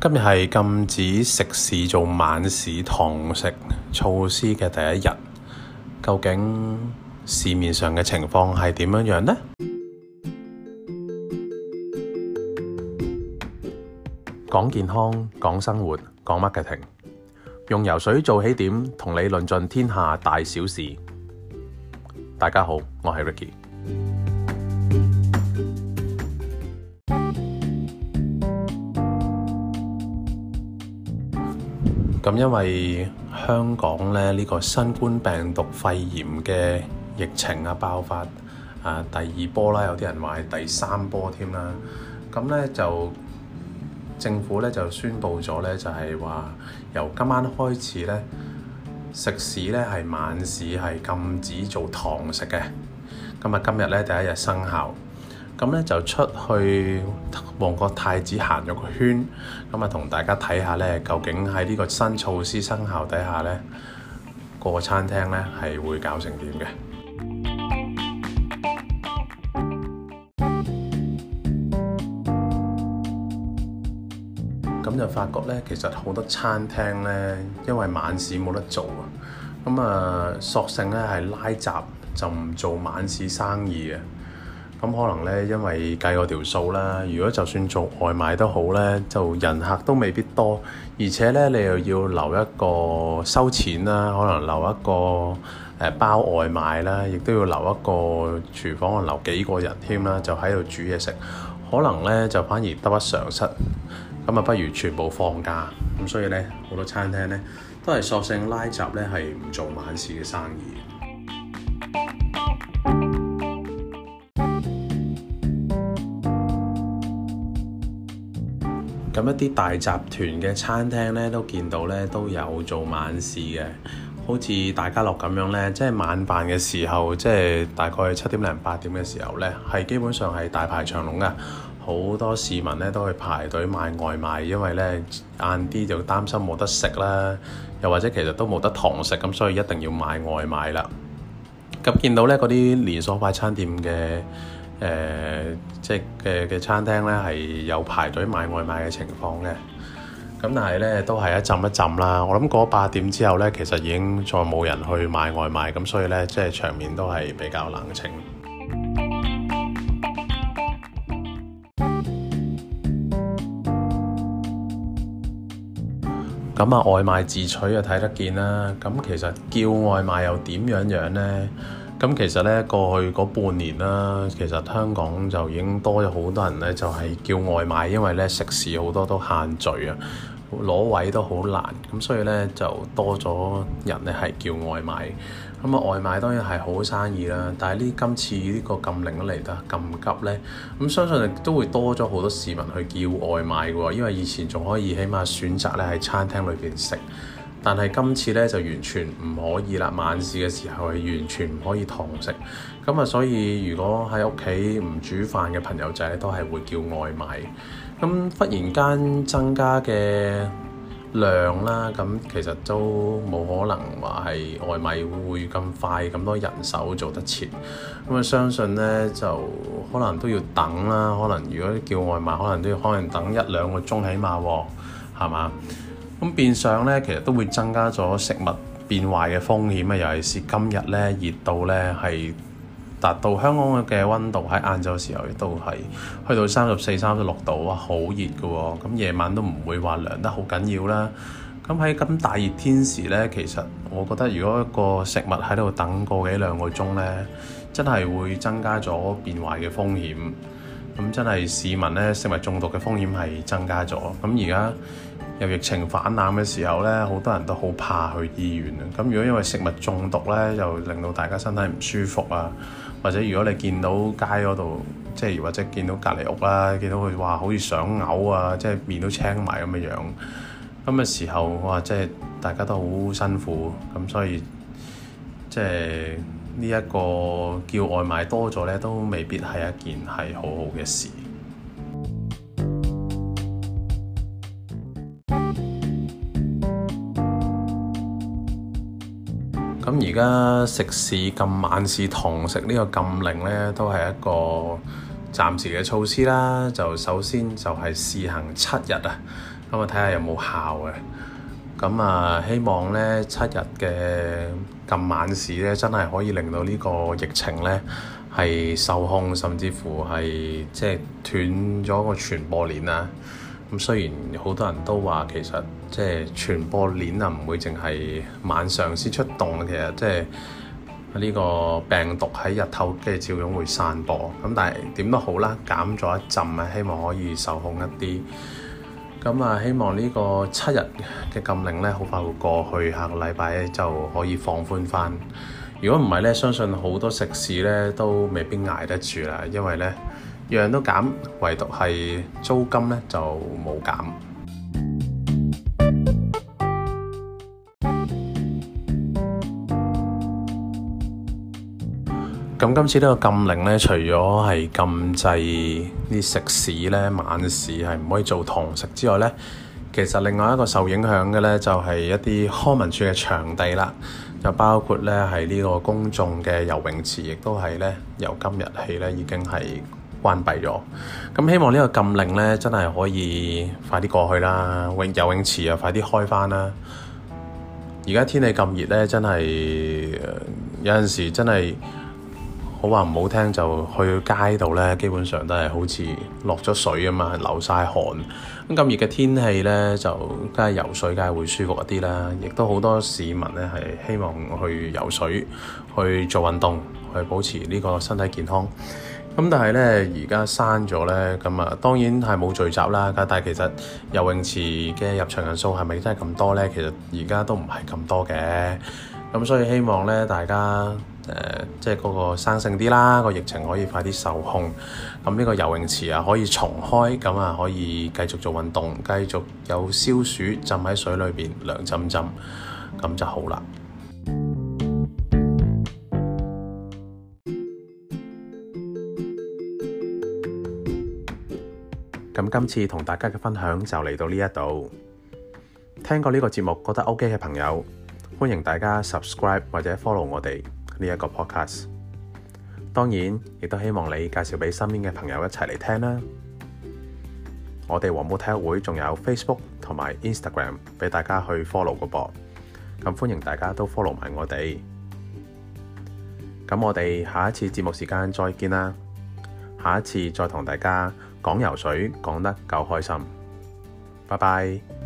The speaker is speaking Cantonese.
今日係禁止食肆做晚市堂食措施嘅第一日，究竟市面上嘅情況係點樣樣呢？講健康，講生活，講 marketing，用游水做起點，同你論盡天下大小事。大家好，我係 Ricky。咁因為香港咧，呢個新冠病毒肺炎嘅疫情啊，爆發啊第二波啦，有啲人話係第三波添啦。咁咧就政府咧就宣布咗咧，就係話由今晚開始咧，食肆咧係晚市係禁止做堂食嘅。咁啊今日咧第一日生效。咁咧就出去旺角太子行咗個圈，咁啊同大家睇下咧，究竟喺呢個新措施生效底下咧，個餐廳咧係會搞成點嘅？咁 就發覺咧，其實好多餐廳咧，因為晚市冇得做啊，咁啊索性咧係拉閘就唔做晚市生意嘅。咁可能呢，因為計過條數啦。如果就算做外賣都好呢，就人客都未必多，而且呢，你又要留一個收錢啦，可能留一個、呃、包外賣啦，亦都要留一個廚房，留幾個人添啦，就喺度煮嘢食，可能呢，就反而得不償失。咁啊，不如全部放假。咁所以呢，好多餐廳呢，都係索性拉閘呢係唔做晚市嘅生意。咁一啲大集團嘅餐廳咧，都見到咧都有做晚市嘅，好似大家樂咁樣咧，即係晚飯嘅時候，即係大概七點零八點嘅時候咧，係基本上係大排長龍嘅，好多市民咧都去排隊買外賣，因為咧晏啲就擔心冇得食啦，又或者其實都冇得堂食，咁所以一定要買外賣啦。咁見到咧嗰啲連鎖快餐店嘅。誒、呃，即嘅嘅餐廳咧，係有排隊買外賣嘅情況嘅。咁但係咧，都係一浸一浸啦。我諗過咗八點之後呢，其實已經再冇人去買外賣，咁所以呢，即係場面都係比較冷清。咁 啊，外賣自取就睇得見啦。咁其實叫外賣又點樣樣呢？咁其實呢，過去嗰半年啦，其實香港就已經多咗好多人呢，就係、是、叫外賣，因為呢，食肆好多都限聚啊，攞位都好難，咁所以呢，就多咗人呢係叫外賣。咁、嗯、啊，外賣當然係好生意啦，但係呢今次呢個禁令都嚟得咁急呢，咁、嗯、相信都會多咗好多市民去叫外賣嘅喎，因為以前仲可以起碼選擇呢喺餐廳裏邊食。但係今次咧就完全唔可以啦，晚市嘅時候係完全唔可以堂食。咁啊，所以如果喺屋企唔煮飯嘅朋友仔都係會叫外賣。咁忽然間增加嘅量啦，咁其實都冇可能話係外賣會咁快咁多人手做得切。咁啊，我相信呢，就可能都要等啦。可能如果叫外賣，可能都要可能等一兩個鐘起碼喎、哦，係嘛？咁變相呢，其實都會增加咗食物變壞嘅風險啊！尤其是今日呢，熱度呢係達到香港嘅温度，喺晏晝時候亦都係去到三十四、三十六度，哇，好熱嘅喎！咁夜晚都唔會話涼得好緊要啦。咁喺咁大熱天時呢，其實我覺得如果一個食物喺度等個幾兩個鐘呢，真係會增加咗變壞嘅風險。咁真係市民呢，食物中毒嘅風險係增加咗。咁而家，入疫情反冷嘅時候呢，好多人都好怕去醫院。咁如果因為食物中毒呢，又令到大家身體唔舒服啊，或者如果你見到街嗰度，即係或者見到隔離屋啦，見到佢哇，好似想嘔啊，即係面都青埋咁嘅樣。咁嘅時候哇，即係大家都好辛苦，咁所以即係呢一個叫外賣多咗呢，都未必係一件係好好嘅事。咁而家食肆禁晚市堂食呢個禁令咧，都係一個暫時嘅措施啦。就首先就係試行七日啊，咁啊睇下有冇效嘅。咁啊，希望咧七日嘅禁晚市咧，真係可以令到呢個疫情咧係受控，甚至乎係即係斷咗個傳播鏈啊！咁雖然好多人都話，其實即係傳播鏈啊，唔會淨係晚上先出動啊。其實即係呢個病毒喺日頭嘅，照樣會散播。咁但係點都好啦，減咗一陣啊，希望可以受控一啲。咁啊，希望呢個七日嘅禁令咧，好快會過去，下個禮拜就可以放寬翻。如果唔係咧，相信好多食肆咧都未必捱得住啦，因為呢。樣樣都減，唯獨係租金咧就冇減。咁今次呢個禁令咧，除咗係禁制啲食肆咧、晚市係唔可以做堂食之外咧，其實另外一個受影響嘅咧就係一啲康文署嘅場地啦，就包括咧係呢個公眾嘅游泳池，亦都係咧由今日起咧已經係關閉咗咁，希望呢個禁令咧，真係可以快啲過去啦。泳游泳池啊，快啲開返啦！而家天氣咁熱咧，真係有陣時真係好話唔好聽，就去街度咧，基本上都係好似落咗水啊嘛，流晒汗。咁咁熱嘅天氣咧，就梗係游水梗係會舒服一啲啦。亦都好多市民咧，係希望去游水去做運動，去保持呢個身體健康。咁但係咧，而家閂咗咧，咁啊當然係冇聚集啦。但係其實游泳池嘅入場人數係咪真係咁多咧？其實而家都唔係咁多嘅。咁所以希望咧，大家誒、呃、即係嗰個生性啲啦，個疫情可以快啲受控。咁呢個游泳池啊，可以重開，咁啊可以繼續做運動，繼續有消暑浸喺水裏邊涼浸浸，咁就好啦。咁今次同大家嘅分享就嚟到呢一度，聽過呢個節目覺得 OK 嘅朋友，歡迎大家 subscribe 或者 follow 我哋呢一個 podcast。當然，亦都希望你介紹俾身邊嘅朋友一齊嚟聽啦。 我哋黃埔體育會仲有 Facebook 同埋 Instagram 俾大家去 follow 個噃，咁歡迎大家都 follow 埋我哋。咁我哋下一次節目時間再見啦，下一次再同大家。講游水講得夠開心，拜拜。